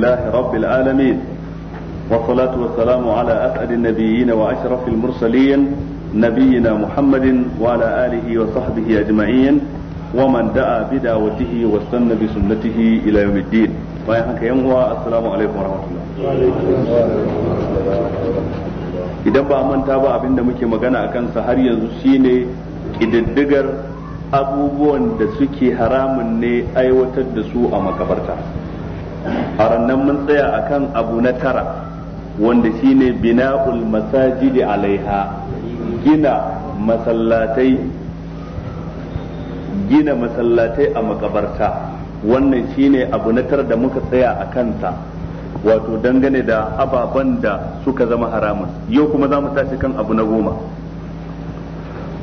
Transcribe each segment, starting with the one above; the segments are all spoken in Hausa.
لله رب العالمين والصلاة والسلام على أسعد النبيين وأشرف المرسلين نبينا محمد وعلى آله وصحبه أجمعين ومن دعا بدعوته واستنى بسنته إلى يوم الدين ويحكى يوم السلام عليكم ورحمة الله idan ba manta ba abin da muke magana a kansa har yanzu shine ƙididdigar abubuwan da suke haramun ne aiwatar da su a makabarta a mun tsaya akan abu na tara wanda shine bina'ul masajidi alaiha gina masallatai gina masallatai a makabarta wannan shine abu na tara da muka tsaya a kanta wato dangane da ababen da suka zama haramun yau kuma za mu tashi kan abu na goma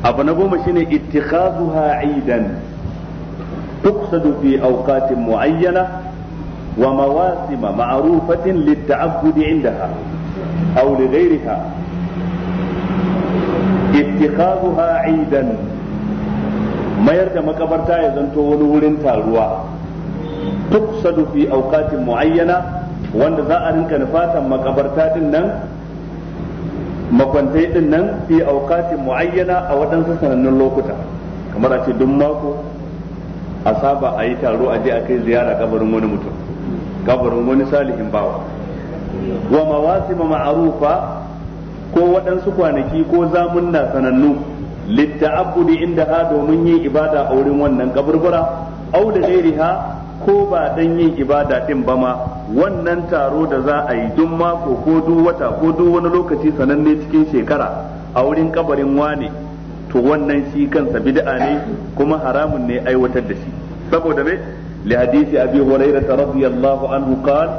abu na goma shine ittikhazuha aidan tuqsadu fi awqatin muayyana wa mawasima ma'rufatin lit-ta'abbudi 'indaha aw li ghayriha ittikhadhuha 'idan mayar da makabarta ya zanto wani wurin taruwa tuqsadu fi awqatin mu'ayyana wanda za a rinka nufatan makabarta din nan makwantai din nan fi aukatin mu'ayyana a waɗansu sanannun lokuta kamar a ce duk mako a saba a yi taro a je a kai ziyara kabarin wani mutum gabarin wani salihin bawa wa mawasima ma'arufa ko waɗansu kwanaki ko zamunna sanannu litta'abbudi inda ha domin yin ibada a wurin wannan gabarbara au da ha ko ba dan yin ibada din ba ma wannan taro da za a yi duk mako ko duk wata ko duk wani lokaci sananne cikin shekara a wurin kabarin wane to wannan shi kansa bid'a ne kuma haramun ne aiwatar da shi saboda me لحديث أبي هريرة رضي الله عنه قال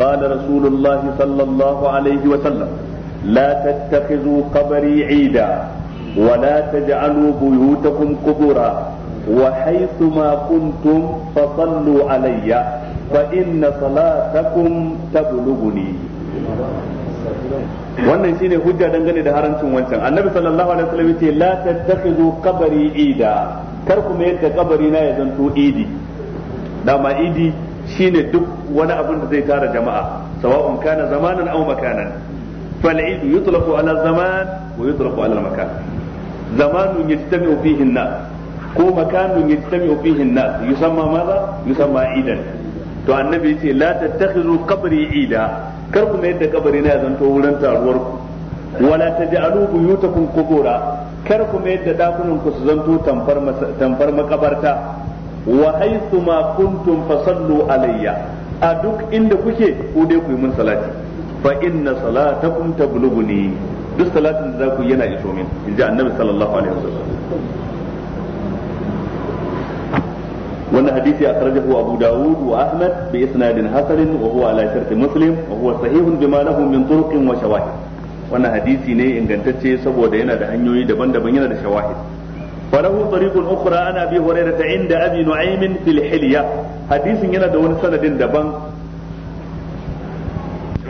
قال رسول الله صلى الله عليه وسلم لا تتخذوا قبري عيدا ولا تجعلوا بيوتكم قبورا وحيثما كنتم فصلوا علي فإن صلاتكم تبلغني wannan shine hujja dangane da harancin wancan annabi sallallahu alaihi wasallam yace la tattakhizu qabri ida kar ku mayar da kabari na ya zanto idi dama idi shine duk wani abin da zai tara jama'a sawa'un kana zamanan aw makanan fal idu yutlaqu ala zaman wa yutlaqu ala makan zamanun yajtami'u fihi an-nas ko makanun yajtami'u fihi an-nas yusamma madha yusamma idan to annabi yace la tattakhizu qabri ida kar ku mai da kabari na to wurin taruwar ku wala taj'alu buyutakum qubura kar ku mai da dakunan ku su zanto tamfar tamfar makabarta wa haythu ma kuntum fasallu alayya a duk inda kuke ku dai ku yi mun salati fa inna salatakum tablughuni duk salatin da zaku yana iso min inji annabi sallallahu alaihi wasallam wannan hadisi a akhrajahu abu daud wa ahmad bi isnadin hasan wa huwa ala shart muslim wa huwa sahihun bima lahu min turuqin wa shawahid wannan hadisi ne ingantacce saboda yana da hanyoyi daban-daban yana da shawahid وله طريق أخرى عن أبي هريرة عند أبي نعيم في الحلية حديث هنا دون سند دبن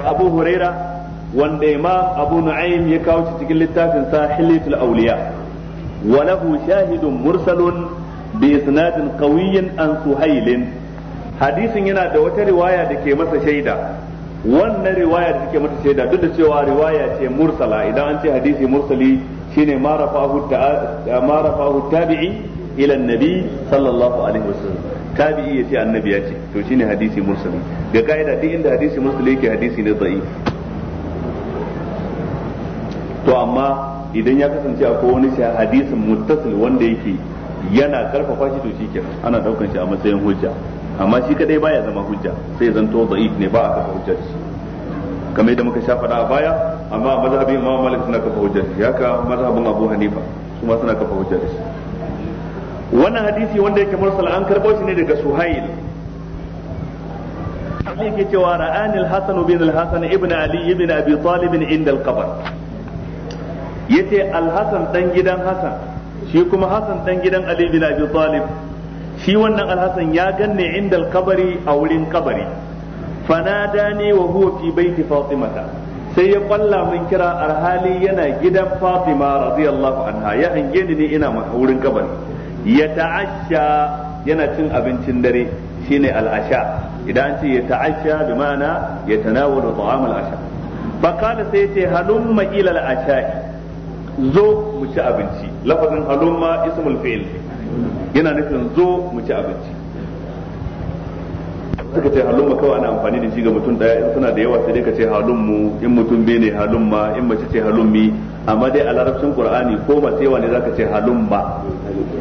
أبو هريرة وندما أبو نعيم يكاوش تقل التاكن حلية الأولياء وله شاهد مرسل بإسناد قوي عن سهيل حديث هنا دوت رواية دكي مسا شيدا wannan riwaya da take mata shaida duk da cewa riwaya ce mursala idan an ce hadisi mursali shine ma rafahu tabi'i ila annabi sallallahu alaihi wasallam tabi'i yace annabi ya ce to shine hadisi mursali ga kaida duk inda hadisi mursali yake hadisi ne da'if to amma idan ya kasance akwai wani hadisin muttasil wanda yake yana karfafa shi to shikenan ana daukan shi a matsayin hujja amma shi kadai baya zama hujja sai zanto da'if ne ba a kafa hujja shi kamar yadda muka sha faɗa a baya amma mazhabin imam malik suna kafa hujja da shi haka mazhabin abu hanifa su ma suna kafa hujja shi wannan hadisi wanda yake mursal an karbo shi ne daga suhail Ali yake cewa ra'ani al-Hasan bin al-Hasan ibn Ali ibn Abi Talib inda al-qabr yace al-Hasan dan gidan Hasan shi kuma Hasan dan gidan Ali ibn Abi Talib shi wannan al-Hasan ya ganne inda al-qabri a wurin kabari fanadani wa huwa fi baiti Fatimata sai ya kwalla min kira alhali yana gidan Fatima radiyallahu anha ya hange ni ne ina wurin kabari ya ta'asha yana cin abincin dare shine al'asha idan an ce ya ta'asha bi ma'ana ya tanawalu ta'am al'asha fa kana sai yace halumma ila al'asha'i zo mu ci abinci lafazin halumma ismul fi'l yana nufin zo mu ci abinci suka ce halun ma kawai ana amfani da shi ga mutum daya in suna da yawa sai dai ka ce halun mu in mutum me ne halun ma in mace ce halun mi amma dai a larabcin qur'ani ko ma yawa ne zaka ce halun ma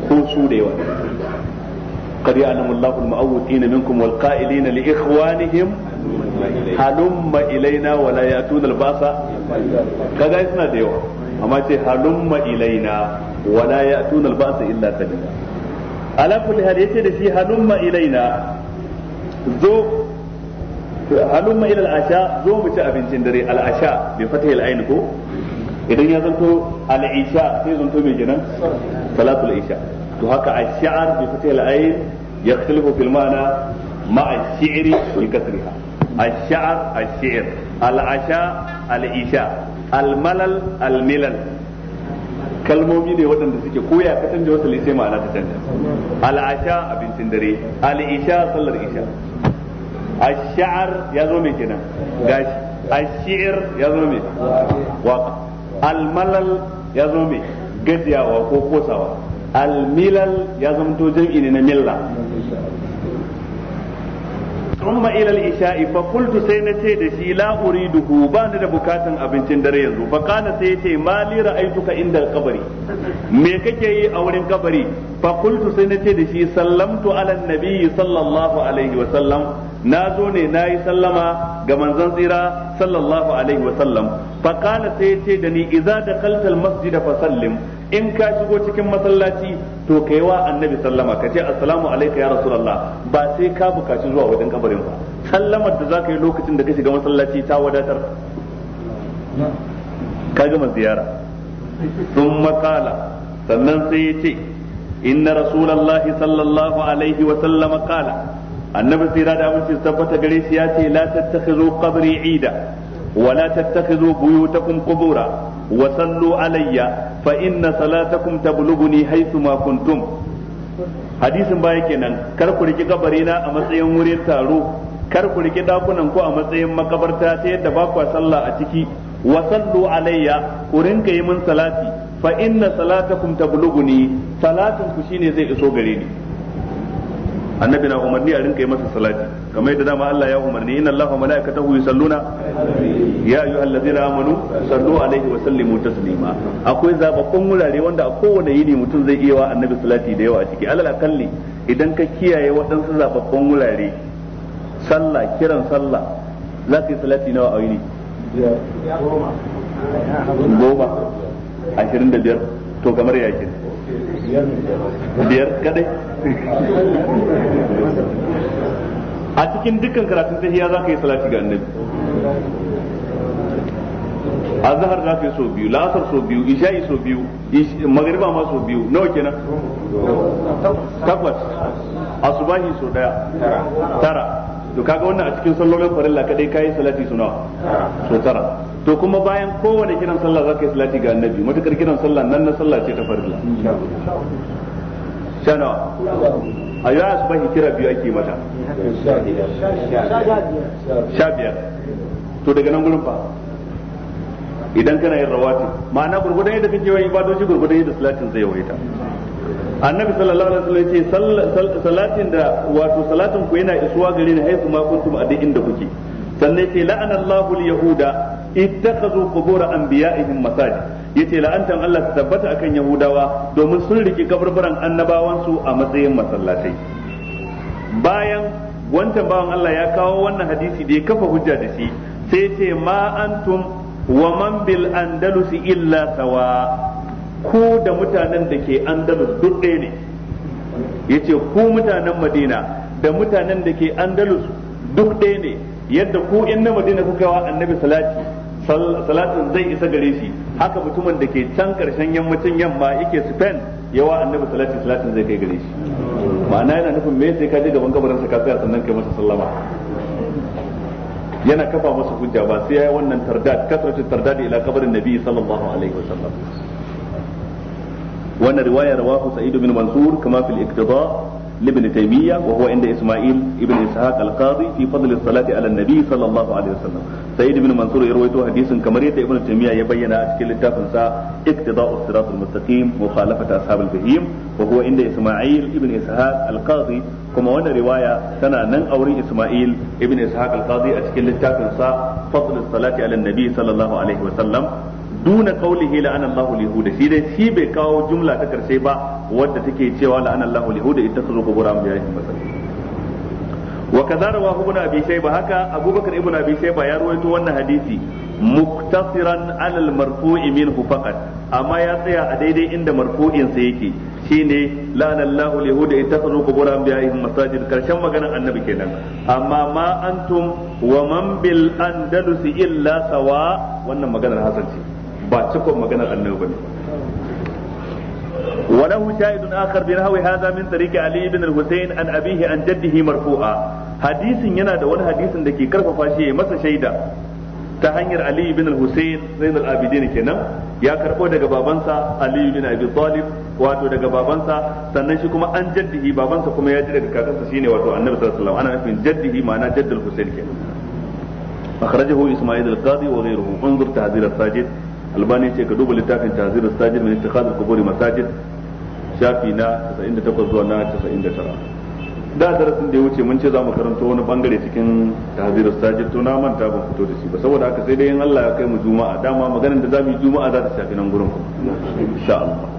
ko su da yawa qad ya'lamu allahul mu'awwidina minkum wal qa'ilina li ikhwanihim halun ma ilaina wa la ya'tuna al Ka kaga suna da yawa amma ce halun ma ilaina wala ya ya'tuna al ba'sa illa kadida ala kulli hadisi da shi halun ma ilaina zo halumma ila al'asha zo mu ci abincin dare al'asha bai fata ila ayin ko idan ya zanto al'isha sai zanto mai kenan salatul isha to haka ash'ar bi fata ila ayin yakhtalifu fil ma'na ma'a shi'ri bi kasriha ash'ar ash'ir al'asha al'isha al-malal al-milal kalmomi ne waɗanda suke koya ka canja wasu sai ma'ana ta canja al'asha abincin dare al'isha sallar isha ash-sha'r ya zo mai kenan gashi ash-shi'r ya zo mai waka al-malal ya gajiyawa ko kosawa al-milal ya zamto na milla ثم إلى العشاء فقلت سينتي دشي لا أريده بان da bukatan abincin dare yanzu fa kana sai yace ma li ra'aytuka inda kabari, qabri me kake yi a wurin kabari fa qultu sai nace dashi sallamtu ala an-nabi sallallahu alaihi wa sallam na zo ne na yi sallama ga manzon tsira sallallahu alaihi wa sallam fa qala sai yace da ni idza da al Masjida fa sallim in ka shigo cikin masallaci to ka yi wa annabi sallama ka ce assalamu alaika ya rasulallah, ba sai ka bukaci zuwa wajen kabarin ba sallamar da za zaka yi lokacin da ka shiga masallaci ta wadatar ka gama ziyara sun makala sannan sai ya ce, inna rasulullahi sallallahu alaihi wa sallama qala annabi tsira da aminci tabbata gare shi ya ce la tattakhizu qabri ida wa la tattakhizu buyutakum qubura wa sallu alayya fa inna salatakum tablughuni haythu ma kuntum hadisin baya kenan kar ku riki kabari na a matsayin wurin taro kar ku riki dakunan ku a matsayin makabarta ta yadda ba ku sallah a ciki wa sallu alayya ku rinka yi min salati fa inna salatakum tablughuni salatin ku shine zai iso gare ni annabi na umarni a rinka yi masa salati kamar yadda dama Allah ya umarni inna wa malaikatahu yusalluna ya ayyuhallazina amanu sallu alaihi wa sallimu taslima akwai zababbun wurare wanda a kowane yini mutum zai iya wa annabi salati da yawa a ciki alal akalli idan ka kiyaye waɗansu zababbun wurare sallah kiran sallah za ka yi salati nawa a yini goma ashirin da biyar to kamar yakin biyar kadai a cikin dukkan karatun tahiyya za ka yi salati ga annabi zahar za ka yi so biyu la'asar so biyu isha'i so biyu magariba ma so biyu nawa kenan takwas asubahi so daya tara to kaga wannan a cikin sallolin farilla kadai kayi salati suna nawa so tara to kuma bayan kowane kiran sallah za ka yi salati ga annabi matukar kiran sallah nan na sallah ce ta farilla sha nawa a yi asubahi kira biyu ake mata sha biyar to daga nan gurin fa idan kana yin rawati ma'ana gurgudan yadda kake yawan ibadoci gurgudan yadda salatin zai yawaita annabi sallallahu alaihi wasallam yace salatin da wato salatin ku yana isuwa gare ni haifu ma kuntum a duk inda kuke sannan yace la'ana Allahu al-yahuda ittakhadhu qubur anbiya'ihim masajid yace la'antan Allah ta tabbata akan yahudawa domin sun riki kaburburan annabawan su a matsayin masallatai bayan wancan bawan Allah ya kawo wannan hadisi da ya kafa hujja da shi sai ce ma antum wa man bil andalus illa sawa ku da mutanen da ke andalus duk ɗaya ne yace ku mutanen madina da mutanen da ke andalus duk ɗaya ne yadda ku in na madina kuka wa annabi salati salatin zai isa gare shi haka mutumin da ke can karshen yammacin yamma yake Spain yawa annabi salatu salatin zai kai gare shi ma'ana yana nufin me sai ka je gaban kabarin sa ka tsaya sannan kai masa sallama yana kafa masa hujja ba sai yayi wannan tardad kasratu tardad ila kabarin nabi sallallahu alaihi wasallam wannan riwaya rawahu sa'id bin mansur kama fil iktida لابن تيمية وهو عند إسماعيل ابن إسحاق القاضي في فضل الصلاة على النبي صلى الله عليه وسلم سيد بن منصور يرويته حديث كمرية ابن تيمية يبين أشكال التافنسا اقتضاء الصراط المستقيم مخالفة أصحاب البهيم وهو عند إسماعيل ابن إسحاق القاضي كما وانا رواية سنة نن أوري إسماعيل ابن إسحاق القاضي أشكال التافنسا فضل الصلاة على النبي صلى الله عليه وسلم duna qawlihi la'ana Allahu al-yahuda shi dai shi bai kawo jumla ta karshe ba wadda take cewa la'ana Allahu al-yahuda ittakhadhu qubur anbiya'ihim masajid wa kadha rawahu ibn abi shayba haka abubakar ibn abi shayba ya rawaito wannan hadisi muktasiran ala al-marfu'i minhu faqat amma ya tsaya a daidai inda marfu'in sa yake shine la'ana Allahu al-yahuda ittakhadhu qubur anbiya'ihim masajid karshen maganar annabi kenan amma ma antum wa man bil andalusi illa sawa wannan maganar hasan ce ba cikon maganar annabi bane وله شاهد آخر بنحو هذا من طريق علي بن الحسين عن أبيه عن جده مرفوعا حديث ينا ده wani hadisin da ke karfafa shi masa shaida ta hanyar Ali bin al kenan ya karbo daga babansa Ali bin Abi Talib wato daga babansa sannan shi kuma nufin jaddihi ma'ana jaddul Husayn kenan akhrajahu Isma'il al sajid albani ce ka duba littafin tazir sajid min ittikhad al-qubur masajid shafi na 98 zuwa na 99 da darasin da ya wuce mun ce za mu karanto wani bangare cikin tazir sajid to na manta ban fito da shi ba saboda haka sai dai in Allah ya kai mu juma'a dama maganar da za mu yi juma'a za ta shafi nan gurin ku insha Allah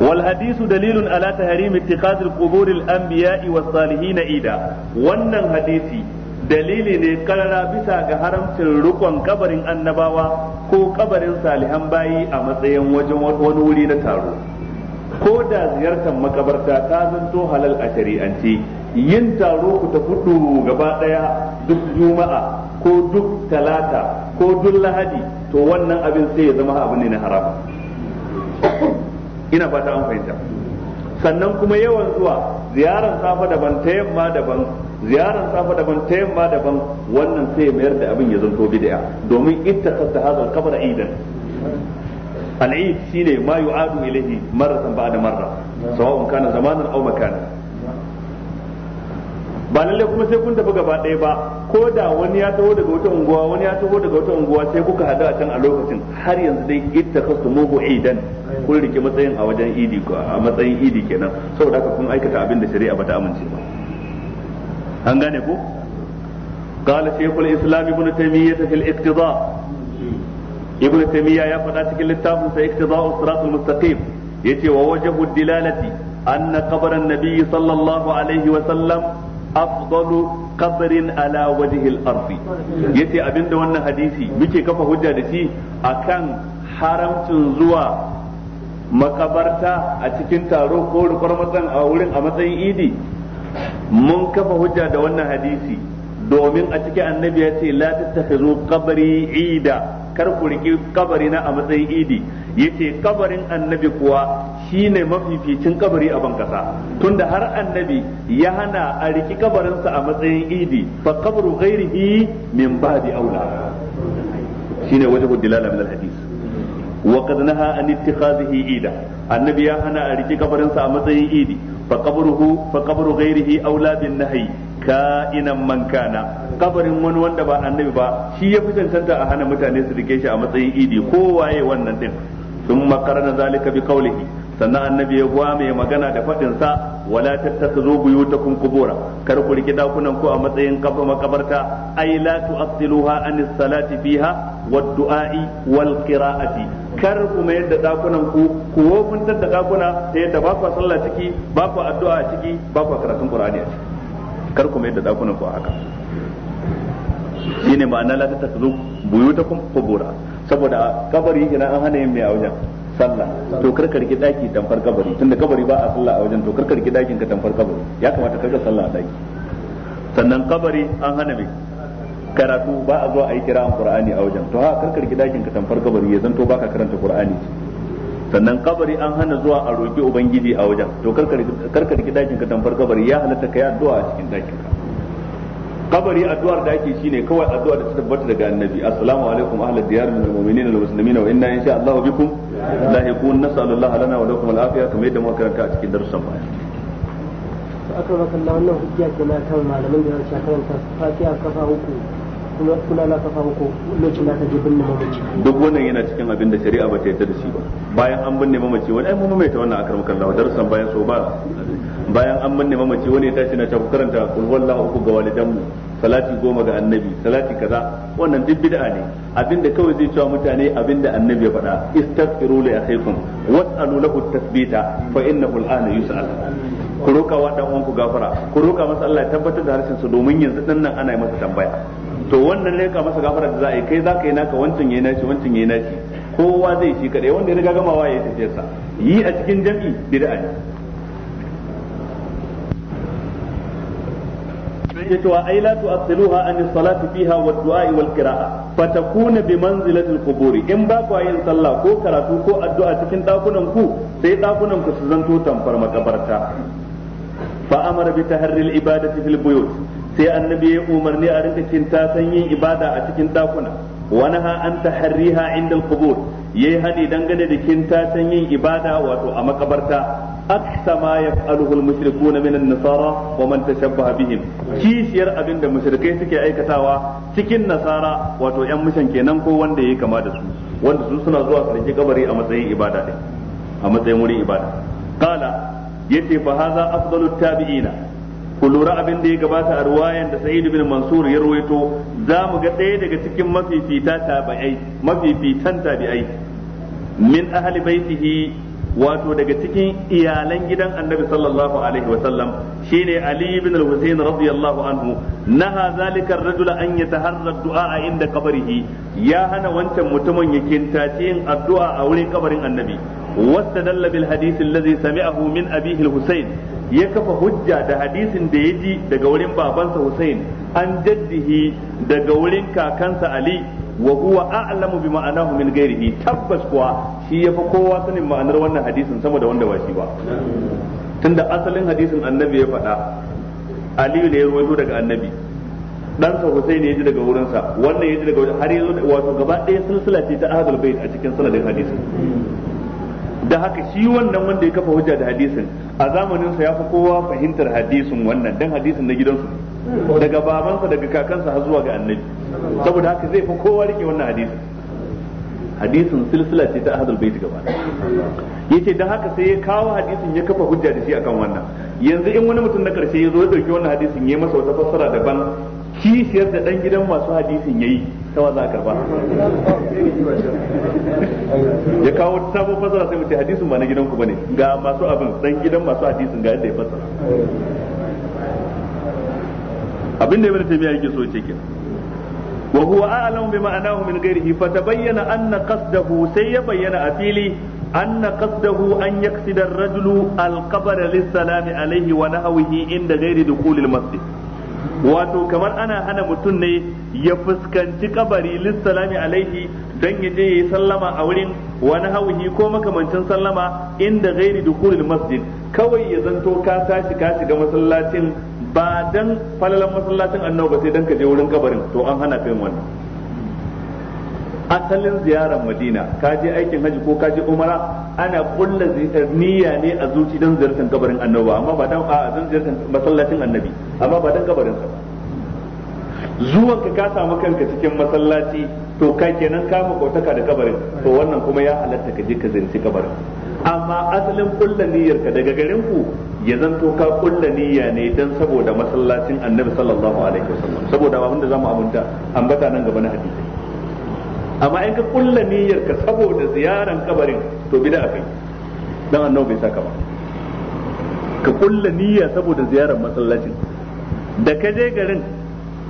wal hadisu dalilun ala tahrim ittikhad al-qubur al-anbiya'i was-salihin ida wannan hadisi dalili ne karara bisa ga haramcin rukon kabarin annabawa ko kabarin salihan bayi a matsayin wajen wani wuri na taro ko da ziyartar makabarta ta zanto halal a shari'ance yin taro ku ta fudu gaba daya duk juma'a ko duk talata ko duk lahadi to wannan abin sai ya zama abu ne na harama ina fata an fahimta sannan kuma yawan zuwa ziyarar safa daban ta yamma daban ziyarar safa daban ta yamma daban wannan sai mayar da abin ya zanto bid'a domin ittakasta hadal qabr aidan al'id shine ma yu'adu ilayhi marratan ba'da marra sawa'un kana zamanan aw makanan ba lalle kuma sai kun tafi gaba ɗaya ba ko da wani ya taho daga wata unguwa wani ya taho daga wata unguwa sai kuka hadu a can a lokacin har yanzu dai ka kasu muhu idan kun rike matsayin a wajen idi a matsayin idi kenan saboda haka kun aikata abin da shari'a bata amince ba an gane ko قال شيخ الاسلام ابن تيميه في الاقتضاء ابن تيميه يا فدا cikin littafin sa iqtida'u sirat al-mustaqim yace wa wajhu ad-dilalati anna qabr an sallallahu alaihi wa sallam afdalu qabrin ala wajhil ardi yace abinda wannan hadisi muke kafa hujja da shi akan haramcin zuwa makabarta a cikin taro ko rukar matsan a wurin a matsayin idi mun kafa hujja da wannan hadisi domin a cikin annabi ya ce la tattakhizu qabri ida kar ku riki kabari na a matsayin idi yace kabarin annabi kuwa Shi ne mafificin kabari a bankasa tunda har annabi ya hana a riki kabarinsa a matsayin idi fa qabru ghairihi min ba'di aula shine wajhu dilala min alhadith wa qad naha an ittikhadhihi ida annabi ya hana a riki kabarinsa a matsayin idi fa qabruhu fa qabru ghairihi aula bin nahyi ka'inan man kana kabarin wani wanda ba annabi ba shi ya fi cancanta a hana mutane su rike shi a matsayin idi kowaye wannan din ثم قرن ذلك بقوله sannan annabi ya mai magana da fadin sa wala tattakhudhu buyutakum qubura kar ku riki dakunan ku a matsayin kafa makabarta ay la tu'tiluha anis salati fiha wad du'a'i wal qira'ati kar ku mai da dakunan ku ku wofuntar da dakuna ta yadda ba ku sallah ciki ba ku addu'a ciki ba ku karatun qur'ani a ciki kar ku mai da dakunan ku a haka shine ma'ana la tattakhudhu buyutakum qubura saboda kabari ina an hana yin mai a wajen sallah to karkar ki daki tamfar kabari tunda kabari ba a sallah a wajen to karkar ki dakin ka tamfar kabari ya kamata ka ga sallah a daki sannan kabari an hana mai karatu ba a zuwa a yi kira'an qur'ani a wajen to ha karkar ki dakin ka tamfar kabari ya zanto baka karanta qur'ani sannan kabari an hana zuwa a roki ubangiji a wajen to karkar ki dakin ka tamfar kabari ya halatta ka yi addu'a a cikin dakin ka kabari addu'ar da ake shine kawai addu'ar da ta tabbata daga annabi assalamu alaikum ahlal diyar minal mu'minina wal muslimina wa inna insha Allah bikum lahikun Allah lana wa lakum al-afiya kamar yadda muka karanta a cikin darussan baya aka baka na wannan hujja ke na kan malamin da ya karanta fatiha kafa uku kula la kafa uku lokacin da ka je binne mamaci duk wannan yana cikin abin da shari'a ba ta yarda da shi ba bayan an binne mamaci wani ai mu mai ta wannan akar maka Allah darussan bayan so ba bayan an manne mamaci wani ya tashi na ta karanta kul wallahu uku ga walidanmu salati goma ga annabi salati kaza wannan duk bid'a ne abinda kawai zai cewa mutane abinda annabi ya faɗa istaghfiru li akhikum was'alu lahu tathbita fa innahu al'ana yus'al ku roka wa dan uwanku gafara ku roka masa Allah ya tabbatar da harshen su domin yanzu din nan ana yi masa tambaya to wannan ne ka masa gafara da za a yi kai za ka yi naka wancan yayi naci wancan yayi naci kowa zai shi kadai wanda ya riga gamawa ya yi tafiyarsa yi a cikin jam'i bid'a ne yake cewa ai la tu'athiluha an salati fiha wa du'a wal qira'a fatakuna bi manzilatil quburi in ba ku yin sallah ko karatu ko addu'a cikin dakunan ku sai dakunan ku su zanto tamfar makabarta fa amara bi taharril ibadati fil buyut sai annabi ya umarni a rinka kintasan yin ibada a cikin dakuna ha an taharriha inda al-qubur yayi hadi dangane da kintasan yin ibada wato a makabarta aksa ma yaf'aluhu al-mushrikuna minan nasara wa man tashabbaha bihim kishiyar abinda mushrikai suke aikatawa cikin nasara wato yan mushan kenan ko wanda yayi kama da su wanda su suna zuwa sarki kabari a matsayin ibada ne a matsayin wurin ibada qala yace fa hadha afdalut tabi'ina ku lura abin da ya gabata a ruwayan da Sa'id bin Mansur ya ruwaito za mu ga ɗaya daga cikin mafifita tabi'ai mafifitan tabi'ai min ahli baitihi wato daga cikin iyalan gidan annabi sallallahu alaihi wa sallam shine ali ibn al-husayn radiyallahu anhu naha zalika ar-rajula an yataharra du'a inda qabrihi ya hana wancan mutumin ya kintace addu'a a wurin kabarin annabi wastadalla bil hadith alladhi sami'ahu min abihi al-husayn ya kafa hujja da hadisin da ya ji daga wurin babansa Hussein an jaddihi daga wurin kakansa Ali wa huwa a'lamu bi ma'anahu min ghairihi tabbas kuwa shi yafi kowa sanin ma'anar wannan hadisin sama da wanda ba shi ba tunda asalin hadisin annabi ya faɗa aliyu ne ya rawaito daga annabi ɗansa Hussein ya ji daga wurinsa wannan ya ji daga har yanzu wato gaba ɗaya silsila ce ta ahadul bait a cikin sanadin hadisin da haka shi wannan wanda ya kafa hujja da hadisin a zamanin sa ya fi kowa fahimtar hadisin wannan dan hadisin na gidansu daga babansa daga kakansa har zuwa ga annabi saboda haka zai fi kowa rike wannan hadisin hadisin silsila ce ta ahadul bait gaba yace dan haka sai ya kawo hadisin ya kafa hujja da shi akan wannan yanzu in wani mutum na karshe ya zo ya dauki wannan hadisin ya masa wata fassara daban kishiyar da dan gidan masu hadisin yayi ta wa za a karba ya kawo ta sabon fassara sai mu hadisin ba na gidan ku bane ga masu abin dan gidan masu hadisin ga yadda ya fassara abin da ibn taymiya yake so ya ce kenan wa huwa a'lamu bima anahu min ghairihi fa tabayyana anna qasdahu sai ya bayyana a fili anna qasdahu an yaqsida ar-rajulu al-qabr lis-salami alayhi wa nahwihi inda ghairi dukhul al-masjid wato kamar ana hana mutum ne ya fuskanci kabari lissalami alaihi don ya je ya yi sallama a wurin wani hauhi ko makamancin sallama inda gairi dukulil masjid kawai ya zanto ka tashi ka shiga masallacin ba dan falalan masallacin annabi ba sai dan ka je wurin kabarin to an hana ka yin wannan asalin ziyarar madina ka je aikin haji ko ka je umara ana kulla eh, niyya ne a zuci dan ziyartar kabarin annabi amma ba dan a dan ziyartar masallacin annabi amma ba dan kabarin sa ba zuwan ka ka samu kanka cikin masallaci to ka kenan ka makotaka da kabarin to wannan kuma ya halatta ka je ka zanci kabarin amma asalin kulla niyyar ka daga garin ku ya zanto ka kulla niyya ne dan saboda masallacin annabi sallallahu alaihi wasallam saboda ba da zamu abunta ambata nan gaba na hadisi amma in ka kulla niyyar ka saboda ziyaran kabarin to bid'a akai dan annabi bai saka ba ka kulla niyya saboda ziyaran masallacin da ka je garin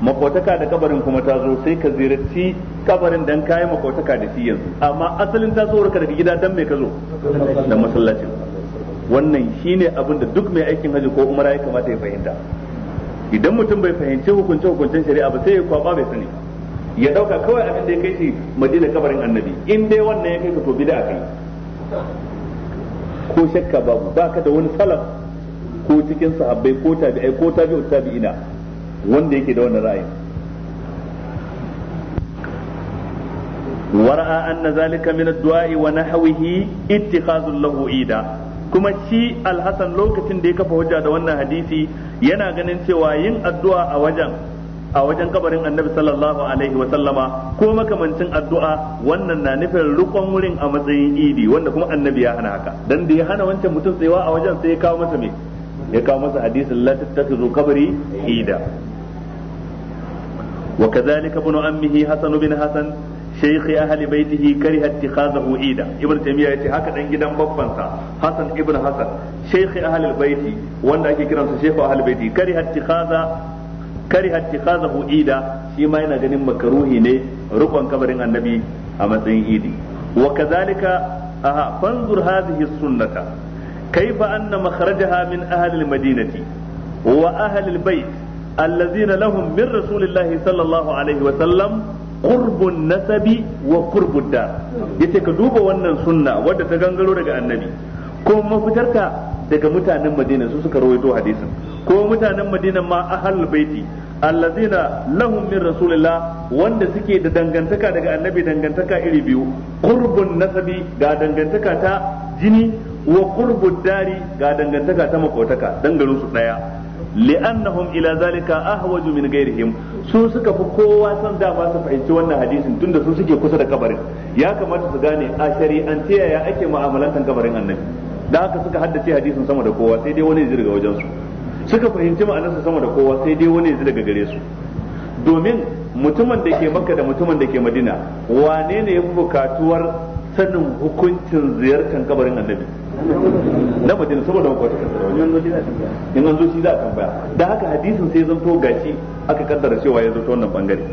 makotaka da kabarin kuma ta zo sai ka ziyarci kabarin dan kayi makotaka da shi yanzu amma asalin tasowar ka daga gida dan me ka zo da masallacin wannan shine abin da duk mai aikin haji ko umara ya kamata ya fahimta idan mutum bai fahimci hukunce hukuncen shari'a ba sai ya kwaba bai sani ya dauka kawai abin da ya kai shi madina kabarin annabi in dai wannan ya kai ka to bid'a kai ko shakka babu baka da wani salaf ko cikin sahabbai ko tabi'ai ko tabi'u tabi'ina wanda yake da wannan ra'ayin ورأى أن ذلك من الدعاء ونحوه اتخاذ له Ida. kuma shi alhassan lokacin da ya kafa hujja da wannan hadisi yana ganin cewa yin addu'a a wajen a wajen kabarin annabi sallallahu alaihi wasallama ko makamancin addu'a wannan na nufin rukon wurin a matsayin idi wanda kuma annabi ya hana haka dan da ya hana wancan mutum tsayawa a wajen sai ya kawo masa me ya kawo masa hadisin la tattakhidhu kabri ida وكذلك ibn ummihi hasan بن hasan shaykh ahli baitihi kariha ittikhadahu ida ibnu taymiya yace haka dan gidan babban Hassan Ibn ibnu hasan shaykh ahli wanda ake kiransa shaykh ahli baiti kariha ittikhadha kariha ittikhadahu ida shi ma yana ganin makaruhi ne rukun kabarin annabi a matsayin idi wa kazalika aha fanzur hadhihi sunnata kaifa anna makhrajaha min ahli madinati. wa ahli albayt alladhina lahum min rasulillahi sallallahu alaihi wa sallam qurbun nasabi wa qurbud yace ka duba wannan sunna wadda ta gangaro daga annabi ko mafitarka daga mutanen madina su suka rawaito hadisin ko mutanen madina ma ahal baiti allazina lahum min rasulillah wanda suke da dangantaka daga annabi dangantaka iri biyu qurbun nasabi ga dangantaka ta jini wa qurbud dari ga dangantaka ta makotaka dangaro su daya li'annahum ila zalika ahwaju min ghairihim su suka fi kowa san dama su fahimci wannan hadisin tunda su suke kusa da kabarin ya kamata su gane a shari'ance yaya ake mu'amalantan kabarin annabi da haka suka haddace hadisin sama da kowa sai dai wani ya daga wajen suka fahimci ma'anarsa sama da kowa sai dai wani ya daga gare su domin mutumin da ke makka da mutumin da ke madina wane ne ya fi bukatuwar sanin hukuncin ziyartar kabarin annabi na madina saboda makwai in an zo shi za a tambaya da haka hadisin sai zanto gashi aka kaddara cewa ya zo ta wannan bangare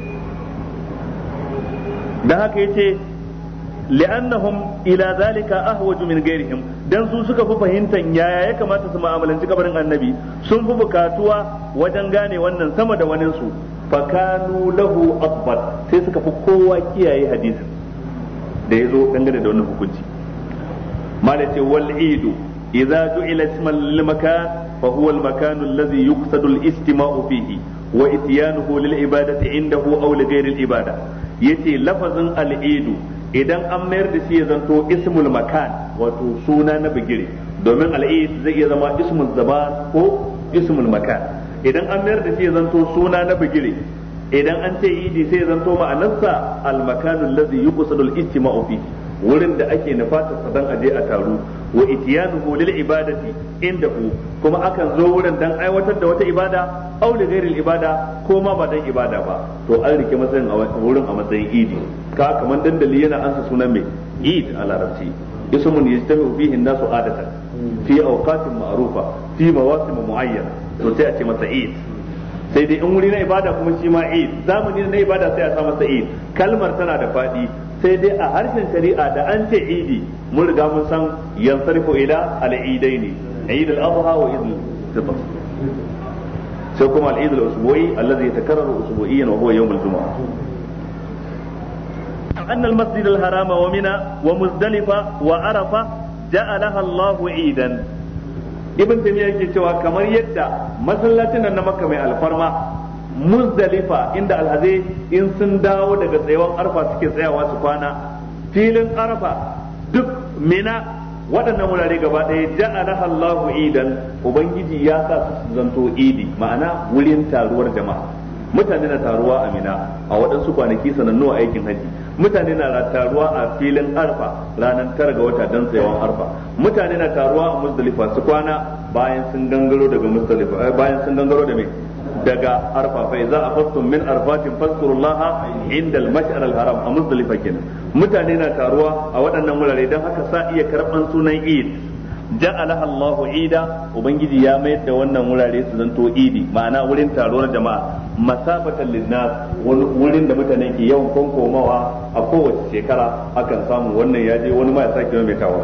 da haka yace li'annahum ila zalika ahwaju min ghairihim dan su suka fi fahimtan yaya ya kamata su mu'amalanci kabarin annabi sun fi bukatuwa wajen gane wannan sama da wanin su fakanu lahu afdal sai suka fi kowa kiyaye hadisin da ya zo dangane da wannan hukunci malai ce wal idu idza ju'ila isman lil makan fa huwa al makan alladhi yuqsadu al istima'u fihi wa ityanuhu lil yace idu idan an mayar da shi ya zanto ismul makan wato suna na bigiri, domin al zai iya zama ismul ko ismul makan idan an mayar da shi ya zanto suna na bigiri idan an ce idi sai ya zanto ma'anarsa al makanul ladhi yuqsadu al fihi wurin da ake nufatar sa dan aje a taru wa ityanuhu lil ibadati indahu kuma akan zo wurin dan aiwatar da wata ibada aw li ghairil ibada ko ma ba dan ibada ba to an rike matsayin a wurin a matsayin idi ka kaman dandali yana ansa sunan mai id a larabci ismun yajtami'u fihi an-nasu adatan fi awqatin ma'rufa fi mawasim muayyana to sai a ce masa id sai dai in wuri na ibada kuma shi ma id zamani na ibada sai a sa masa id kalmar tana da fadi sai dai a harshen shari'a da an ce idi mun riga mun san yansarfu ila al'idai ne idi al'adha wa idi fitr sai kuma al'idi al'usbu'i allazi yatakarraru usbu'iyyan wa huwa yawmul juma'a أن المسجد الحرام ومنى ومزدلفة وعرفة جعلها الله عيدا ابن تيمية كما يدى مثلتنا نمك من الفرما muzdalifa inda alhaze in sun dawo daga tsayawan arfa suke tsayawa su kwana filin arfa duk mina waɗannan wurare gaba ɗaya ja'ala Allahu idan ubangiji ya sa su zanto idi ma'ana wurin taruwar jama'a mutane na taruwa a mina a waɗansu kwanaki sanannu a aikin haji mutane na taruwa a filin arfa ranar tara ga wata don tsayawan arfa mutane na taruwa a muzdalifa su kwana bayan sun gangaro daga muzdalifa eh, bayan sun gangaro da mai daga arfa fa idza afattum min arfatin fadhkurullaha inda al-mash'ar al-haram a muzdalifa kenan mutane na taruwa a waɗannan wurare dan haka sa iya karban sunan Eid ja'alaha Allah ida ubangiji ya mayar da wannan wurare su zanto idi ma'ana wurin taro jama'a masafatan linnas wurin da mutane ke yawan konkomawa a kowace shekara akan samu wannan ya je wani ma ya sake mai tawa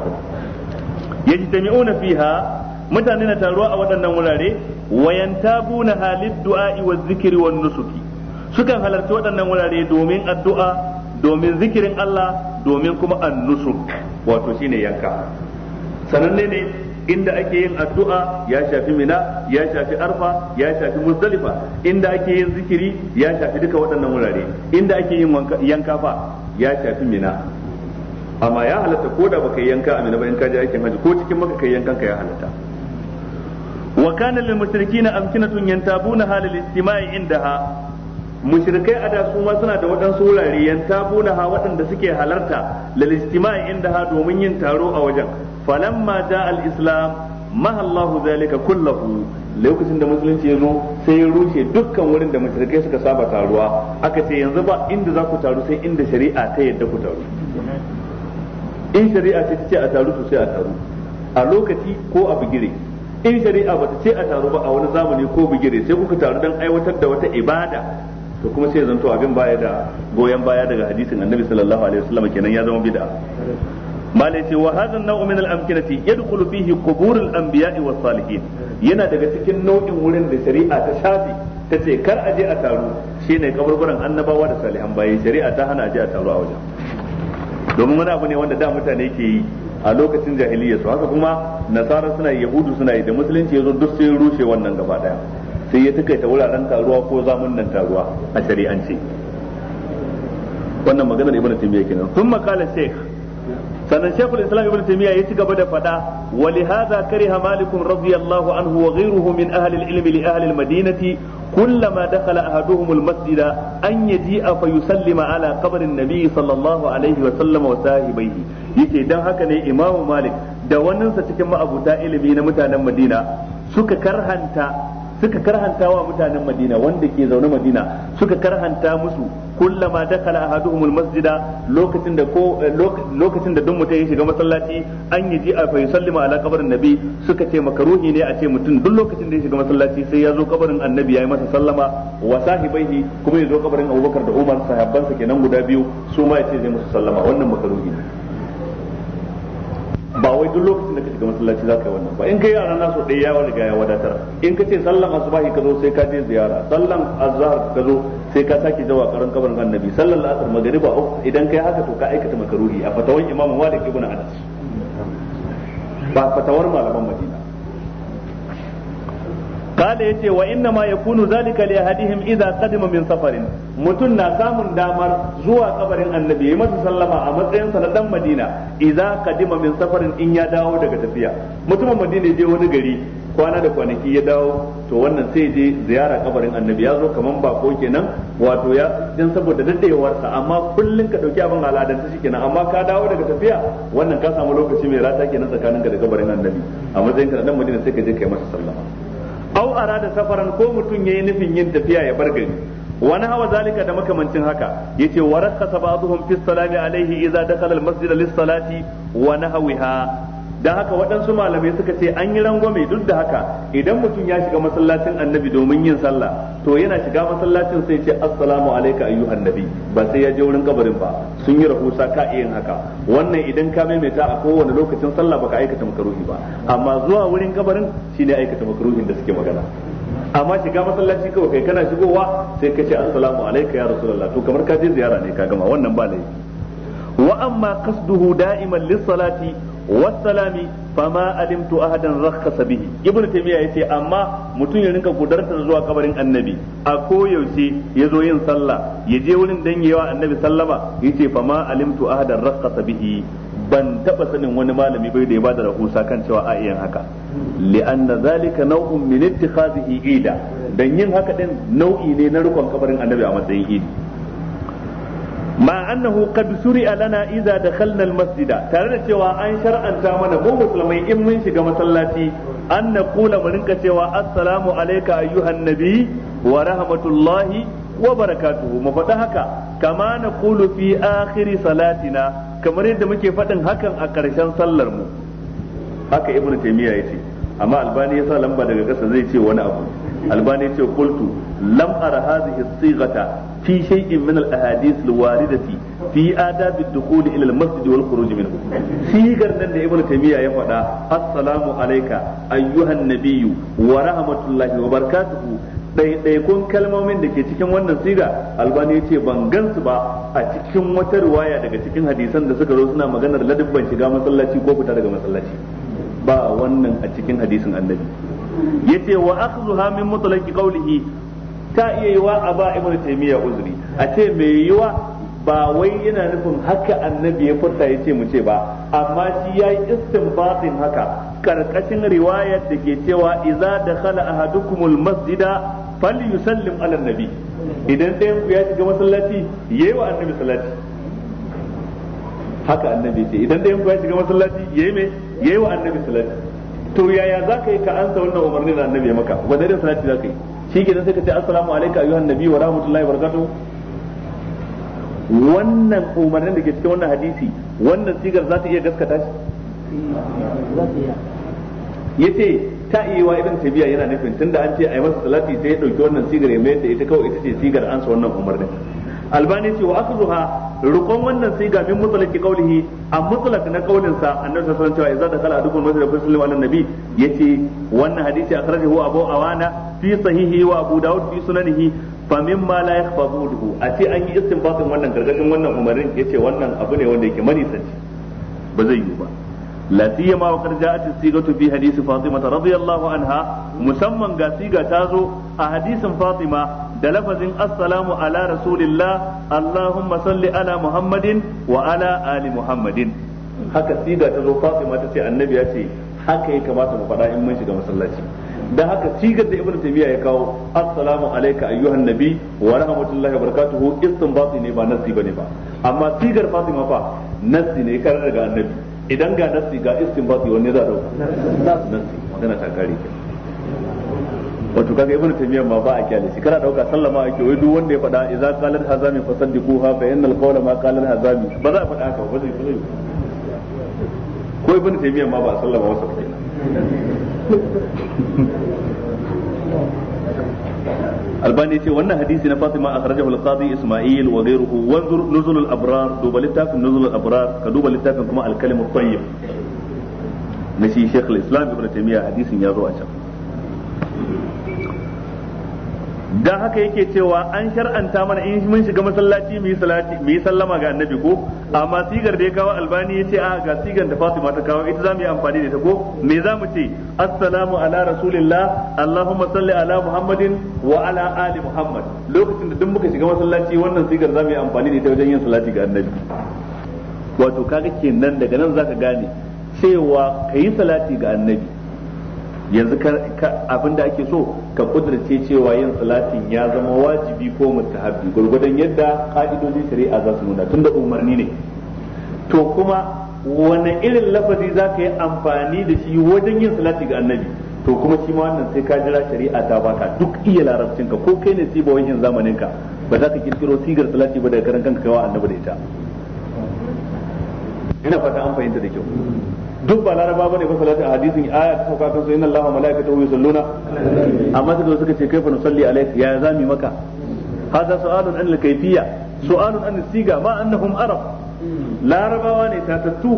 yajtami'una fiha mutane na taruwa a waɗannan wurare wayantabuna halid du'a'i wa zikri wan nusuki sukan halarci waɗannan wurare domin addu'a domin zikirin Allah domin kuma annusuk wato shine yanka sananne ne inda ake yin addu'a ya shafi mina ya shafi arfa ya shafi muzdalifa inda ake yin zikiri ya shafi duka waɗannan wurare inda ake yin yanka fa ya shafi mina amma ya halatta ko da baka yanka a mina ba in ka je aikin haji ko cikin maka kai yankan ka ya halatta wa kana lil mushrikina amkinatun yantabuna halil istima'i indaha mushrikai a da su ma suna da waɗansu wurare yantabuna ha waɗanda suke halarta lil istima'i indaha domin yin taro a wajen falamma da al islam mahallahu zalika kullahu lokacin da musulunci ya zo sai ya rushe dukkan wurin da mushrikai suka saba taruwa aka ce yanzu ba inda za ku taru sai inda shari'a ta yadda ku taru in shari'a ce ta ce a taru to sai a taru a lokaci ko a bigire in shari'a bata ce a taru ba a wani zamani ko bigire sai kuka taru dan aiwatar da wata ibada to kuma sai zanto abin baya da goyon baya daga hadisin annabi sallallahu alaihi wasallam kenan ya zama bid'a malai ce wa hadha an-naw'u min al-amkinati yadkhulu fihi qubur al-anbiya'i was-salihin yana daga cikin nau'in wurin da shari'a ta shafi ta ce kar a je a taru shine kaburburan annabawa da salihan bayi shari'a ta hana a je a taru a wajen domin wani abu ne wanda da mutane ke yi a lokacin jahiliya su haka kuma nasara suna yi yahudu suna yi da musulunci yazo duk sai rushe wannan gaba daya sai ya takaita wuraren taruwa ko nan taruwa a shari'ance wannan maganar ibnu taymiya kenan thumma qala shaykh sannan shaykhul islam ibnu taymiya ya ci gaba da fada wa li hadha kariha malik radiyallahu anhu wa ghayruhu min ahli al-ilm li ahli al-madinati كلما دخل أحدهم المسجد أن يجيء فيسلم على قبر النبي صلى الله عليه وسلم yace dan haka ne Imam Malik da waninsa cikin ma'abuta ilimi na mutanen Madina suka karhanta suka karhanta wa mutanen Madina wanda ke zaune Madina suka karhanta musu kullama dakala ahaduhumul masjida lokacin da ko eh, lokacin da ya shiga masallaci an yi ji a fa yusallima ala kabarin nabi suka ce makaruhi ne a ce mutum duk lokacin da ya shiga masallaci sai ya zo kabarin annabi yayi masa sallama wa sahibaihi kuma ya zo kabarin Abubakar da Umar sahabbansa kenan guda biyu su ma ya ce zai musu sallama wannan makaruhi ne ba wai duk lokacin da ka shiga masallaci za ka yi wannan ba in kai yara na ɗaya ya riga ya wadatar in ka ce sallan asubahi ka zo sai ka je ziyara sallan azhar ka zo sai ka sake zawa karan kabarin annabi sallan magari magariba uku idan kai haka to ka aikata makaruhi a fatawan imamu malik ibn anas ba fatawar malaman madina kada yace wa inna ma yakunu zalika li ahadihim idza qadima min safarin mutun na samun damar zuwa kabarin annabi yayin masa sallama a matsayin sa na dan madina idza qadima min safarin in ya dawo daga tafiya mutumin madina je wani gari kwana da kwanaki ya dawo to wannan sai je ziyara kabarin annabi yazo kaman ba ko kenan wato ya dan saboda daddewar amma kullun ka dauki abin al'adanta shi kenan amma ka dawo daga tafiya wannan ka samu lokaci mai rata kenan tsakanin ka da kabarin annabi a matsayin ka na dan madina sai ka je kai masa sallama au da safaran ko mutum yayi nufin yin tafiya ya bar gari wani hawa zalika da makamancin haka yace wa sabahum ba'dhum fi alaihi idza dakhala al-masjid lis-salati wa nahwiha Da haka waɗansu malamai suka ce an yi rangwame duk da haka idan mutum ya shiga masallacin annabi domin yin sallah to yana shiga masallacin sai ce assalamu alaika ayyuhan annabi ba sai ya je wurin kabarin ba sun yi rahusa ka yin haka wannan idan ka maimaita a kowane lokacin sallah baka aikata makaruhi ba amma zuwa wurin kabarin shine aikata makaruhin da suke magana amma shiga masallaci kawai kai kana shigowa sai ka ce assalamu alaika ya rasulullah to kamar ka je ziyara ne ka gama wannan ba laifi wa amma qasduhu da'iman lis-salati wasalami ma alimtu ahadan rakhasa bihi ibnu taymiya yace amma mutum ya rinka gudarta zuwa kabarin annabi a koyaushe ya zo yin sallah ya je wurin danyewa annabi sallama yace ma alimtu ahadan rakhasa bihi ban taba sanin wani malami bai da ya bada rahusa kan cewa a iyan haka li'anna zalika nau'un min ittikhadhihi ida dan yin haka din nau'i ne na rukun kabarin annabi a matsayin idi ma annahu qad shuri'a lana idza dakhalna almasjida tare da cewa an shar'anta mana mu musulmai in mun shiga masallaci an naqula mun rinka cewa assalamu alayka ayyuhan nabi wa rahmatullahi wa barakatuhu mu faɗi haka kama naqulu fi salati na kamar yadda muke faɗin hakan a ƙarshen sallar mu haka ibnu taymiya yace amma albani yasa lamba daga ƙasa zai ce wani abu albani yace qultu lam ara hadhihi as-sighata في شيء min الاحاديث الوارده في آداب fi الى المسجد والخروج منه في masjid wal ابن تيميه sigar nan da ibnu taymiya ya faɗa assalamu alayka ayyuhan nabiyyu ɗaiɗaikun kalmomin da ke cikin wannan siga albani ya ce ban gansu ba a cikin wata ruwaya daga cikin hadisan da suka zo suna maganar ladabban shiga masallaci ko fita daga masallaci ba wannan a cikin hadisin annabi yace wa akhdhuha min mutlaqi qawlihi ta iya yiwa a ba ibnu taimiyya uzuri a ce mai yiwa ba wai yana nufin haka annabi ya furta ya ce mu ce ba amma shi ya yi istinbatin haka karkashin riwayar da ke cewa idza dakhala ahadukumul masjida yi ala nabi idan ɗayan ku ya shiga masallaci ya yi wa annabi salati haka annabi ce idan ɗayan ku ya shiga masallaci ya yi wa annabi salati to yaya za ka yi ka ansa wannan umarnin da annabi ya maka wanda da salati za ka yi shi ke sai ka ce assalamu alaikum ayyuhan nabi wa rahmatullahi wa wannan umarnin da ke cikin wannan hadisi wannan sigar za ta iya gaskata shi Ya ce ta iya wa ibn tabiya yana nufin tunda an ce a yi masa salati sai ya dauki wannan sigar ya mayar da ita kawai ita ce sigar an sa wannan umarnin albani ce wa asluha rukon wannan siga min ke qawlihi a mutlaq na kaulin sa annabi sallallahu alaihi wasallam cewa idza dakala adukun masjid fa sallu ala nabi yace wannan hadisi akhrajahu abu awana fi sahihi wa abu daud fi sunanihi a ce an yi istinbatin wannan gargadin wannan umarin ce wannan abu ne wanda yake manisanci ba zai yi ba la siyama wa qad ja'at as-sigatu fi hadisi fatima radiyallahu anha musamman ga siga ta zo a hadisin fatima da lafazin assalamu ala rasulillah allahumma salli ala muhammadin wa ala ali muhammadin haka siga ta zo fatima ta ce annabi ya ce haka ya kamata mu faɗa in mun shiga masallaci da haka sigar da ibnu taymiya ya kawo assalamu alayka ayyuhan nabi wa rahmatullahi wa barakatuhu istinbati ne ba nasi bane ba amma sigar fatima fa nasi ne kar daga annabi idan ga nasi ga istinbati wanne za a dauka nasi magana ta kare ke wato kaga ibnu taymiya ma ba a kyale shi kana dauka sallama ake wai duk wanda ya faɗa idza qalat hazami fasaddiquha fa innal qawla ma qalat hazami ba za a faɗa haka ba zai ko ibnu taymiya ma ba a sallama wasa kai albani ce wannan hadisi na fatima a kharajahu al-qadi isma'il wa ghayruhu wanzur nuzul al-abrar duba littafin nuzul al-abrar ka duba littafin kuma al-kalimu tayyib na shi shaykh al-islam ibn taymiya hadisin ya zo a can dan haka yake cewa an shar'anta mana in mun shiga masallaci mu yi salati mu yi sallama ga annabi ko amma sigar da ya kawo albani ya ce a ga sigar da Fatima ta kawo ita zamu yi amfani da ta ko me zamu ce assalamu ala rasulillah allahumma salli ala muhammadin wa ala ali muhammad lokacin da duk muka shiga masallaci wannan sigar zamu yi amfani da ita wajen yin salati ga annabi wato kaga kenan daga nan zaka gane cewa kayi salati ga annabi yanzu abin da ake so ka kudurce cewa yin salatin ya zama wajibi ko mustahabbi gurgudan yadda ka'idodin shari'a za su nuna tun da umarni ne to kuma wani irin lafazi za ka yi amfani da shi wajen yin salati ga annabi to kuma shi ma wannan sai ka jira shari'a ta baka duk iya larabcinka ko kai ne siba wajen zamaninka ba za ka kirkiro sigar salati ba daga karan kanka kaiwa annabi da ita ina fata an fahimta da kyau duk ba laraba bane ba salatu a hadisin aya ta sauka kan su inna allaha malaikatu yusalluna amma suka suka ce kaifa nusalli alayka ya zami maka hada su'alun an al-kayfiyya su'alun an siga ma annahum arab larabawa ne tattu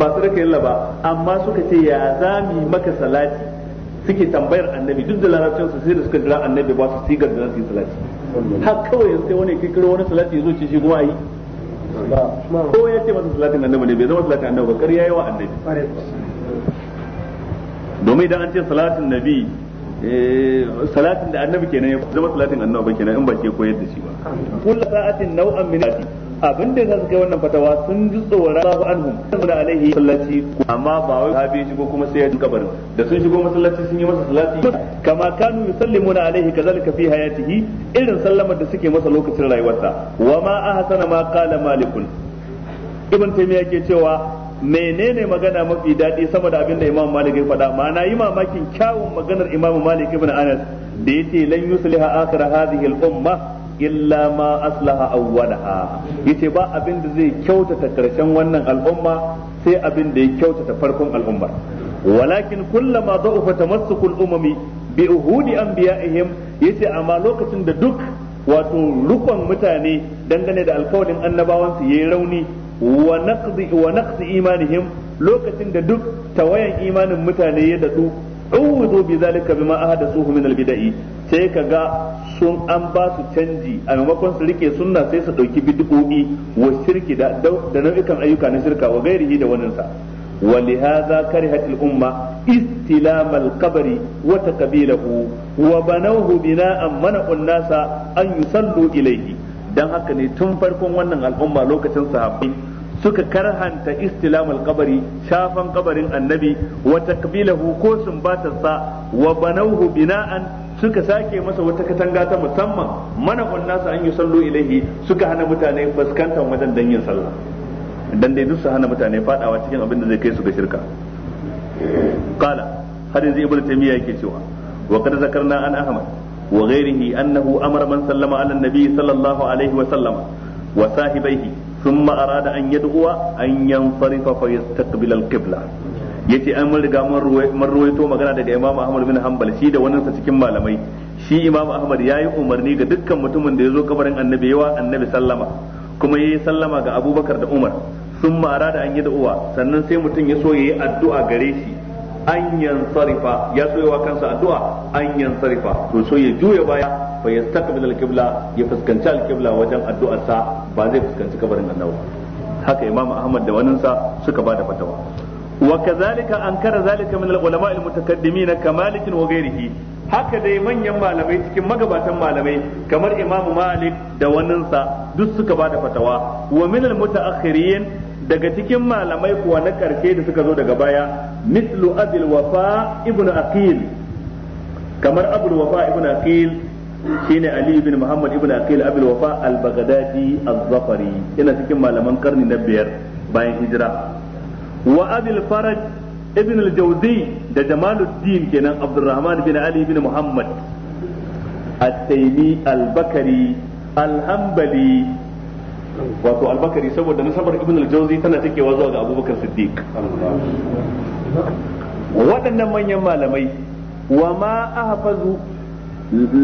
ba su da yalla ba amma suka ce ya zami maka salati suke tambayar annabi duk da larabcin su sai da suka jira annabi ba su sigar da za su salati har kawai sai wani kikiro wani salati yazo zo ce shi gowa yi ko ya ce masa salatin annabi ne bai zama salatin annabi ba annabi domin idan an ce salatin nabi eh, salatin da annabi kenan ya zama salatin annabi kenan in ba ke koyar da shi ba kullu sa'atin nau'an min abin da zasu kai wannan fatawa sun ji tsoron Allahu anhum sallallahu alaihi sallati amma ba wai sahabi shigo kuma sai ya dinka barin da sun shigo masallaci sun yi masa salati kama kanu yusallimuna alaihi kazalika fi hayatihi irin sallamar da suke masa lokacin rayuwarsa wa ma ahsana ma qala malikun ibn taymiya ke cewa menene magana mafi daɗi sama da abin da imam malik ya faɗa ma'ana yi mamakin kyawun maganar imam malik ibn anas da yace lan yusliha akhir hadhihi al-umma illa ma aslaha awwalaha yace ba abin da zai kyautata karshen wannan al'umma sai abin da ya kyautata farkon al'umma walakin kullama da'ufa tamassukul umami bi uhudi anbiya'ihim yace amma lokacin da duk wato rukon mutane dangane da alkawarin annabawansu yayi rauni wa naqdi wa naqdi imanihim lokacin da duk tawayan imanin mutane ya dadu uwudu bi zalika bima ahdathuhu min albida'i sai ka ga sun an ba su canji a maimakon su rike sunna sai su dauki bid'o'i wa shirki da da nau'ikan ayyuka na shirka wa gairihi da wannan sa wa li hadha karihat al umma istilamal qabri wa taqbilahu wa banawhu bina'an mana'u an-nasa an yusallu ilayhi dan haka ne tun farkon wannan al'umma lokacin sahabbai suka karhanta istilamal kabari shafan kabarin annabi wa takbilahu ko sa wa banauhu bina'an suka sake masa wata katanga ta musamman mana su an yi sallo ilaihi suka hana mutane fuskantar wajen dan yin sallah dan dai duk su hana mutane fadawa cikin abin da zai kai su ga shirka qala hadin zai ibnu taymiya yake cewa wa qad zakarna an ahmad wa ghairihi annahu amara man sallama ala nabi sallallahu alaihi wa sallama wa sahibaihi thumma arada an yad'uwa an yanfarifa fa yastaqbil al-qibla yace an mun riga mun ruwaito magana daga Imam Ahmad bin Hanbal shi da wannan sa cikin malamai shi Imam Ahmad yayi umarni ga dukkan mutumin da yazo kabarin Annabi yawa Annabi sallama kuma yayi sallama ga Abubakar da Umar sun mara da an yi uwa sannan sai mutum ya so yayi addu'a gare shi an sarifa ya yawa kansa addu'a an sarifa to so ya juya baya fa yastaqbil al-qibla ya fuskanci al-qibla wajen addu'arsa ba zai fuskanci kabarin annabi haka imam ahmad da waninsa suka bada fatawa وكذلك أنكر ذلك من العلماء المتقدمين كمالك وغيره haka dai manyan malamai cikin magabatan malamai kamar Imam Malik da waninsa duk suka ba da fatawa wa min al mutaakhirin daga cikin malamai kuwa na karshe da suka zo daga baya mislu abil wafa ibnu aqil kamar abul ibnu aqil shine ali ibn muhammad ibn aqil abul wafa al baghdadi az-zafari ina cikin malaman karni na biyar bayan hijira wa abil faraj ibn al-jawzi da jamaluddin kenan abdurrahman bin ali bin muhammad at-taymi al-bakari al-hanbali wato al-bakari saboda nasabar ibn al-jawzi tana takewa zuwa ga abubakar siddiq waɗannan manyan malamai wa ma ahfazu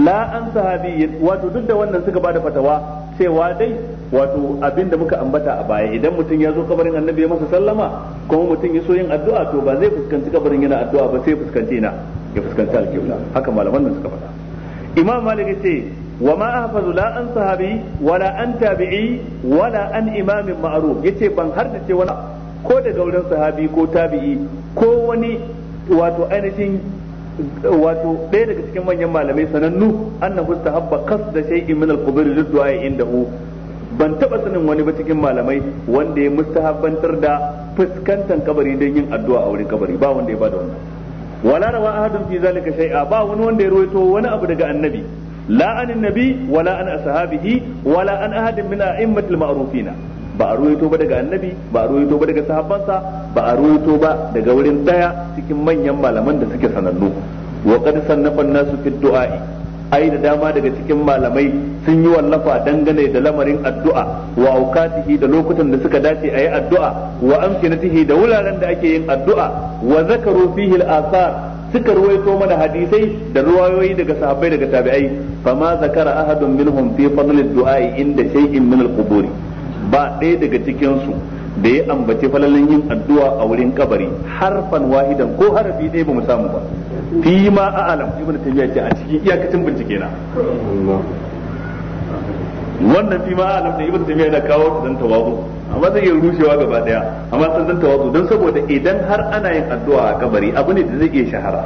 la an sahabiyyin wato duk da wannan suka bada fatawa cewa dai wato abin da muka ambata a baya idan mutum ya zo kabarin annabi ya masa sallama kuma mutum ya so yin addu'a to ba zai fuskanci kabarin yana addu'a ba sai fuskanci na ya fuskanci alƙibla haka malaman nan suka faɗa imam malik ya ce wa ma ahfazu la an sahabi wala an tabi'i wala an imamin ma'ruf yace ban ce wani ko daga wurin sahabi ko tabi'i ko wani wato ainihin wato ɗaya daga cikin manyan malamai sanannu annahu kas da shay'in min al-qubur lid inda indahu ban taba sanin wani ba cikin malamai wanda ya mustahabbantar da fuskantar kabari don yin addu'a a wurin kabari ba wanda ya bada wannan wala rawa ahadun fi zalika shay'a ba wani wanda ya ruwaito wani abu daga annabi la an annabi wala an ashabihi wala an ahadin min a'immatil ma'rufina ba a ruwaito ba daga annabi ba a ruwaito ba daga sahabbansa ba a ruwaito ba daga wurin daya cikin manyan malaman da suke sanannu wa qad sannafa an-nasu fi du'a'i ai da dama daga cikin malamai sun yi wallafa dangane da lamarin addu'a wa awqatihi da lokutan da suka dace a yi addu'a wa amkinatihi da wuraren da ake yin addu'a wa zakaru fihi al-athar suka ruwaito mana hadisai da ruwayoyi daga sahabbai daga tabi'ai fama zakara ahadun minhum fi fadl ad-du'a inda shay'in min al-quburi ba ɗaya daga cikinsu da ya ambaci falalin yin addu'a a wurin kabari harfan wahidan ko harafi ɗaya ba mu samu ba fi ma a alam ibn taymiya ce a cikin iyakacin bincike na wannan fi ma alam da ibn taymiya yana kawo ta dan tawazu amma zai iya rushewa gaba ɗaya amma san dan tawazu don saboda idan har ana yin addu'a a kabari abu ne da zai iya shahara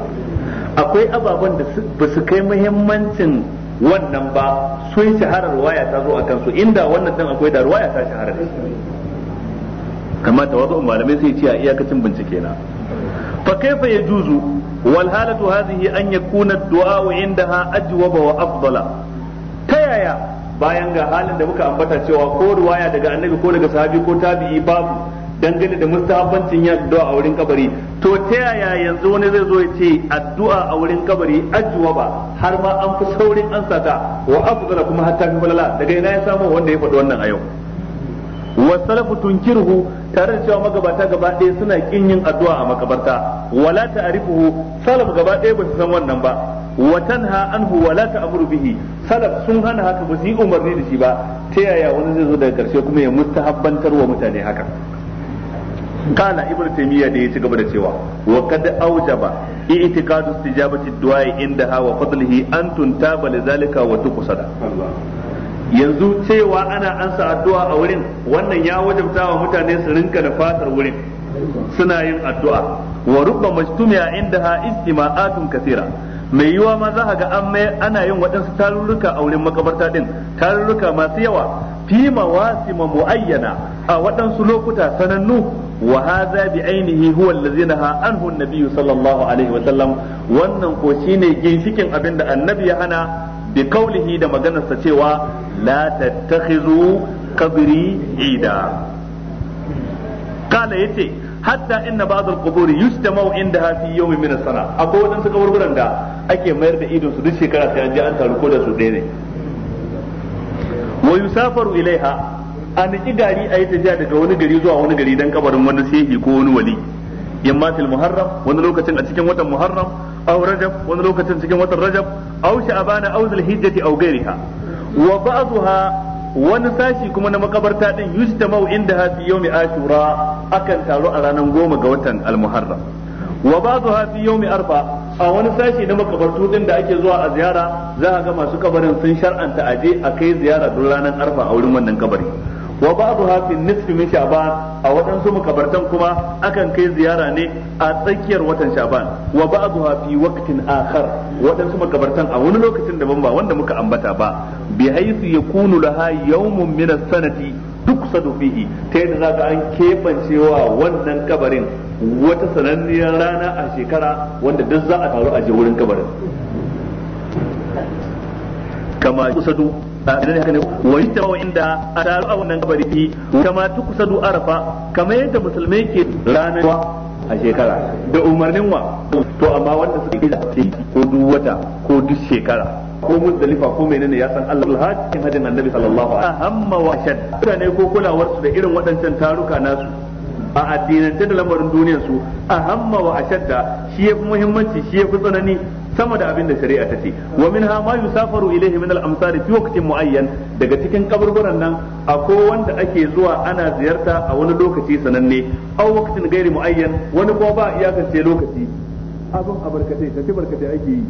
akwai ababen da ba su kai muhimmancin wannan ba sun shahara ruwaya ta zo a kansu inda wannan din akwai da ruwaya ta shahara ne kamar tawazu malamai sai ce a iyakacin bincike na fa kaifa yajuzu wal halatu hadhihi an yakuna ad-du'a indaha ajwaba wa afdala ta yaya bayan ga halin da muka ambata cewa ko ruwaya daga annabi ko daga sahabi ko tabi'i babu dangane da mustahabbancin yin addu'a a wurin kabari to ta yaya yanzu wani zai zo ya ce addu'a a wurin kabari ba? har ma an fi saurin ansata. sata wa afdala kuma hatta fi balala daga ina ya samu wanda ya faɗi wannan a yau wa salafu tunkiruhu tare da cewa magabata gaba ɗaya suna kin yin addu'a a makabarta wala ta'rifuhu salaf gaba ɗaya ba su san wannan ba wa tanha anhu wala ta'muru bihi salaf sun hana haka ba su yi umarni da shi ba ta yaya wani zai zo daga karshe kuma ya mustahabbantar wa mutane haka kala ibnu taymiya da ya ci gaba da cewa wa kad aujaba i'tiqadu istijabati du'a inda hawa fadlihi an tuntaba lidhalika wa tuqsada yanzu cewa ana ansa addu'a a wurin wannan ya wajabta wa mutane su rinka da fatar wurin suna yin addu'a wa rubba inda ha istima'atun kathira mai yiwa ma za ga an mai ana yin waɗansu tarurruka a wurin makabarta din tarurruka masu yawa fi mawasima muayyana a waɗansu lokuta sanannu wa hadha bi ainihi huwa allazi naha anhu an-nabiy sallallahu alaihi wa sallam wannan ko shine ginshikin abinda annabi ya hana bi kaulihi da maganarsa cewa la tattakhizu qabri ida kala yace hatta inna ba'd al-quburi yujtama'u indaha fi yawmin min as-sana akwai wadansu kaburburan da ake mayar da idon su duk shekara sai an je an taru ko da su ɗaya ne wa yusafaru ilaiha a niki gari a yi tafiya daga wani gari zuwa wani gari dan kabarin wani shehi ko wani wali yamma fil muharram wani lokacin a cikin watan muharram aw rajab wani lokacin cikin watan rajab aw sha'ban aw zulhijjati aw ghairiha wa ba'daha wani sashi kuma na makabarta din inda indaha fi yawmi ashura akan taru a ranar goma ga watan al-muharram wa ba'daha fi yawmi arba a wani sashi na makabartu din da ake zuwa a ziyara za a ga masu kabarin sun shar'anta aje a kai ziyara don ranar arfa a wurin wannan kabari wa ba'daha fi nisfi min sha'ban a waɗansu makabartan kuma akan kai ziyara ne a tsakiyar watan sha'ban wa ba'daha fi waqtin akhar waɗansu makabartan a wani lokacin daban ba wanda muka ambata ba bi haythu yakunu laha yawmun min as-sanati tuksadu fihi ta yadda zaka an kebancewa wannan kabarin wata sananniyar rana a shekara wanda duk za a taru a je wurin kabarin kama kusadu da haka ne wa yajtama inda ataru a wannan kabari kama du arafa kamar yadda musulmai ke ranar a shekara da umarnin wa to amma wanda suke gida ko duk wata ko duk shekara ko muzdalifa ko menene ya san Allah alhaji hadin annabi sallallahu alaihi wasallam wa shad mutane ko kulawar su da irin waɗancan taruka nasu a addinance da lamarin duniyar su ahamma wa ashadda shi yafi muhimmanci shi yafi tsanani sama da abin da shari'a ta ce wa minha ma yusafaru ilaihi min al-amsar fi waqtin muayyan daga cikin kaburburan nan akwai wanda ake zuwa ana ziyarta a wani lokaci sananne aw waqtin gairi muayyan wani kuma ba iyakance lokaci abin abarkatai tafi barkatai ake yi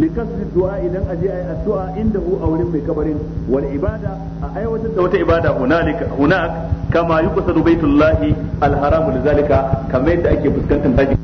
likasri du'a idan aje ayi addu'a inda hu a wurin mai kabarin wal ibada a aiwatar da wata ibada hunalika hunak kama yuqsadu baitullahi al haram al-zalika kamar yadda ake fuskantar daji